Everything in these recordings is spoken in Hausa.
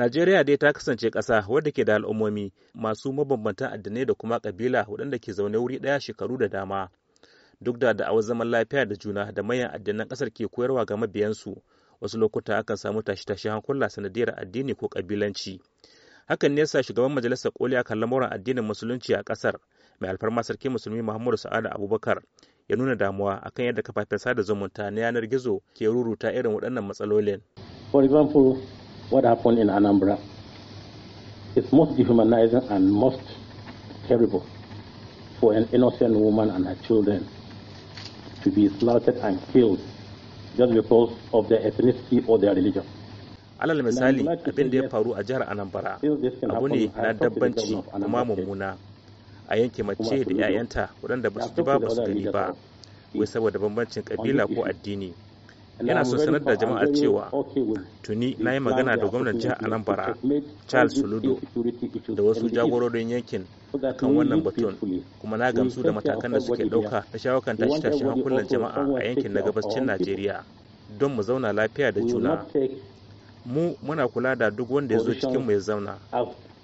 Najeriya dai ta kasance ƙasa wadda ke da al'ummomi masu mabambantan addinai da kuma kabila waɗanda ke zaune wuri ɗaya shekaru da dama. Duk da da'awar zaman lafiya da juna da mayan addinan ƙasar ke koyarwa ga mabiyansu, wasu lokuta akan samu tashe tashi hankula sanadiyar addini ko kabilanci hakan ne sa shugaban majalisar koli akan lamuran addinin musulunci a ƙasar mai alfarma sarki musulmi muhammadu sa'ada abubakar ya nuna damuwa akan yadda kafafen sada zumunta na yanar gizo ke ruruta irin waɗannan matsalolin for example what happened in Anambra is most dehumanizing and most terrible for an innocent woman and her children to be slaughtered and killed just because of their ethnicity or their religion. alal misali abin da ya faru a jihar anambra abu ne na dabbanci kuma mummuna a yanke mace da 'ya'yanta waɗanda ba su ji ba ba su gani ba wai saboda bambancin kabila ko addini yana son sanar da jama'a cewa tuni na yi magana da gwamnan jihar anambra charles soludo da wasu jagororin yankin kan wannan batun kuma na gamsu da matakan da suke ɗauka na shawakan tashi-tashi hankulan jama'a a yankin na gabascin najeriya don mu zauna lafiya da juna mu muna kula da duk wanda ya zo cikin mai zauna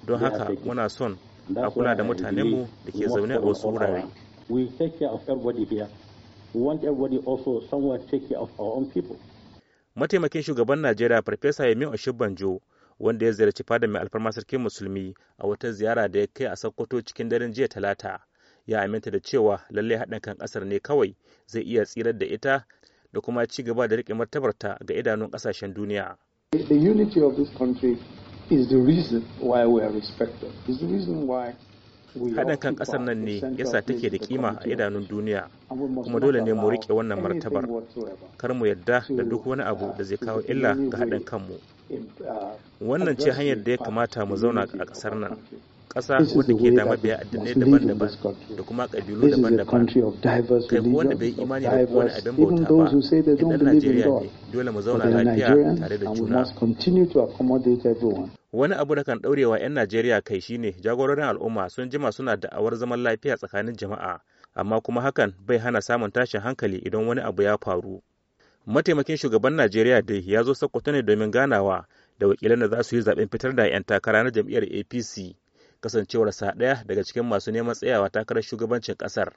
don haka muna son a kula da mutanenmu da ke zaune a wasu wurare want everybody also of our own Mataimakin shugaban Najeriya Farfesa Yemi Oshibanjo wanda ya ziyarci fadar mai alfarma sarkin musulmi a wata ziyara da ya kai a Sokoto cikin daren jiya Talata ya aminta da cewa lallai haɗin kan ƙasar ne kawai zai iya tsirar da ita da kuma ci gaba da riƙe martabarta ga idanun ƙasashen duniya. The unity of this country is the reason why we are respected. the reason why haɗin kan ƙasar nan ne yasa take da kima a idanun duniya kuma dole ne mu riƙe wannan martabar kar mu yadda da duk wani abu da zai kawo illa ga haɗin kanmu wannan ce hanyar da ya kamata mu zauna a ƙasar nan ƙasa wadda ke da mabiya addinai daban-daban da kuma ƙabilu daban-daban kai ko wanda bai imani da kowane abin bauta ba idan Najeriya ne dole mu zauna lafiya tare da juna wani abu da kan ɗaurewa 'yan Najeriya kai shine jagororin al'umma sun jima suna da awar zaman lafiya tsakanin jama'a amma kuma hakan bai hana samun tashin hankali idan wani abu ya faru mataimakin shugaban Najeriya dai ya zo Sokoto ne domin ganawa da wakilan da za su yi zaben fitar da 'yan takara na jam'iyyar APC kasancewar sa ɗaya daga cikin masu neman tsayawa takarar shugabancin ƙasar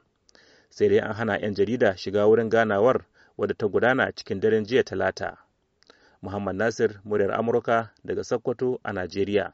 sai dai an hana 'yan jarida shiga wurin ganawar wadda ta gudana cikin daren jiya talata muhammad nasir muryar amurka daga sokoto a najeriya